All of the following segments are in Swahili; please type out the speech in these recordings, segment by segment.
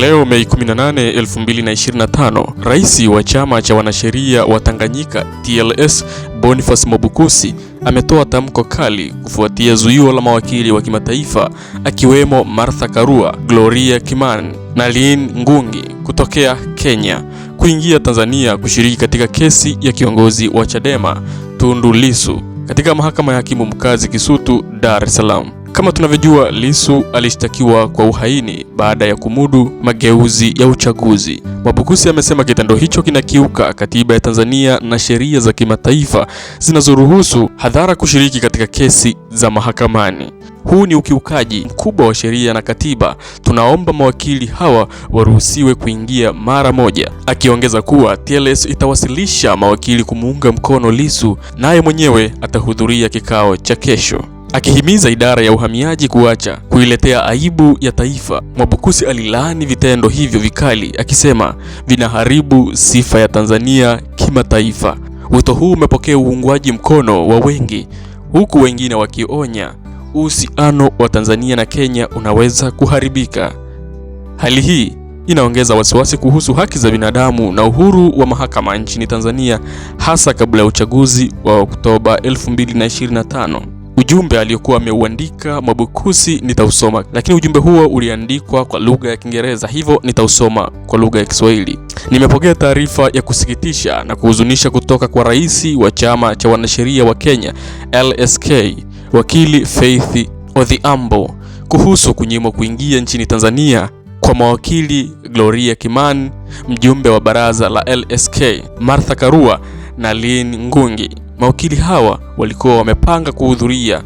Leo Mei 18, 2025, Rais wa Chama cha Wanasheria wa Tanganyika TLS Boniface Mwabukusi ametoa tamko kali kufuatia zuio la mawakili wa kimataifa akiwemo Martha Karua, Gloria Kimani na Lynn Ngugi kutokea Kenya kuingia Tanzania kushiriki katika kesi ya kiongozi wa Chadema Tundu Lissu katika mahakama ya hakimu mkazi Kisutu, Dar es Salaam. Kama tunavyojua, Lissu alishtakiwa kwa uhaini baada ya kumudu mageuzi ya uchaguzi. Mwabukusi amesema kitendo hicho kinakiuka katiba ya Tanzania na sheria za kimataifa zinazoruhusu hadhara kushiriki katika kesi za mahakamani. Huu ni ukiukaji mkubwa wa sheria na katiba. Tunaomba mawakili hawa waruhusiwe kuingia mara moja. Akiongeza kuwa TLS itawasilisha mawakili kumuunga mkono Lissu naye mwenyewe atahudhuria kikao cha kesho akihimiza idara ya uhamiaji kuacha kuiletea aibu ya taifa. Mwabukusi alilaani vitendo hivyo vikali, akisema vinaharibu sifa ya Tanzania kimataifa. Wito huu umepokea uungwaji mkono wa wengi, huku wengine wakionya uhusiano wa Tanzania na Kenya unaweza kuharibika. Hali hii inaongeza wasiwasi kuhusu haki za binadamu na uhuru wa mahakama nchini Tanzania, hasa kabla ya uchaguzi wa Oktoba 2025 ujumbe aliyokuwa ameuandika Mwabukusi nitausoma, lakini ujumbe huo uliandikwa kwa lugha ya Kiingereza, hivyo nitausoma kwa lugha ya Kiswahili. Nimepokea taarifa ya kusikitisha na kuhuzunisha kutoka kwa rais wa chama cha wanasheria wa Kenya LSK, wakili Faith Odhiambo kuhusu kunyimwa kuingia nchini Tanzania kwa mawakili Gloria Kimani, mjumbe wa baraza la LSK, Martha Karua na Lynn Ngungi. Mawakili hawa walikuwa wamepanga kuhudhuria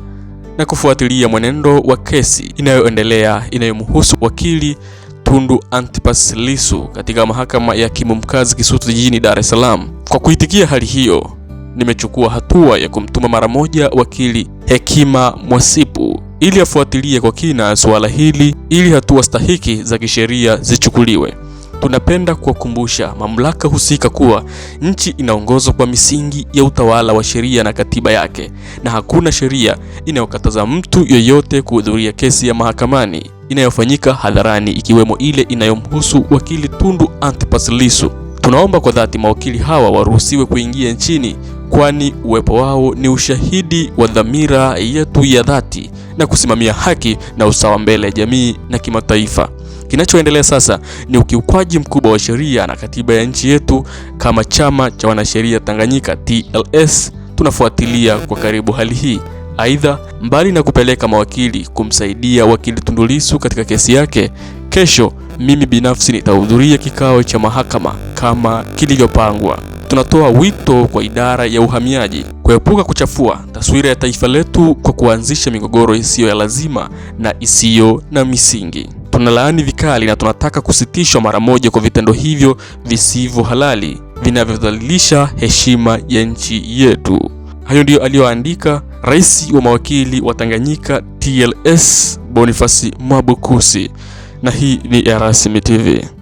na kufuatilia mwenendo wa kesi inayoendelea inayomhusu wakili Tundu Antipas Lissu katika mahakama ya hakimu mkazi Kisutu jijini Dar es Salaam. Kwa kuitikia hali hiyo, nimechukua hatua ya kumtuma mara moja wakili Hekima Mwasipu ili afuatilie kwa kina suala hili ili hatua stahiki za kisheria zichukuliwe tunapenda kuwakumbusha mamlaka husika kuwa nchi inaongozwa kwa misingi ya utawala wa sheria na katiba yake, na hakuna sheria inayokataza mtu yoyote kuhudhuria kesi ya mahakamani inayofanyika hadharani, ikiwemo ile inayomhusu wakili Tundu Antipas Lissu. Tunaomba kwa dhati mawakili hawa waruhusiwe kuingia nchini, kwani uwepo wao ni ushahidi wa dhamira yetu ya dhati na kusimamia haki na usawa mbele ya jamii na kimataifa. Kinachoendelea sasa ni ukiukwaji mkubwa wa sheria na katiba ya nchi yetu. Kama chama cha wanasheria Tanganyika TLS, tunafuatilia kwa karibu hali hii. Aidha, mbali na kupeleka mawakili kumsaidia wakili Tundu Lissu katika kesi yake, kesho mimi binafsi nitahudhuria kikao cha mahakama kama kilivyopangwa. Tunatoa wito kwa idara ya uhamiaji kuepuka kuchafua taswira ya taifa letu kwa kuanzisha migogoro isiyo ya lazima na isiyo na misingi tunalaani vikali na tunataka kusitishwa mara moja kwa vitendo hivyo visivyo halali vinavyodhalilisha heshima ya nchi yetu. Hayo ndiyo aliyoandika rais wa mawakili wa Tanganyika TLS Bonifasi Mwabukusi, na hii ni Erasmi TV.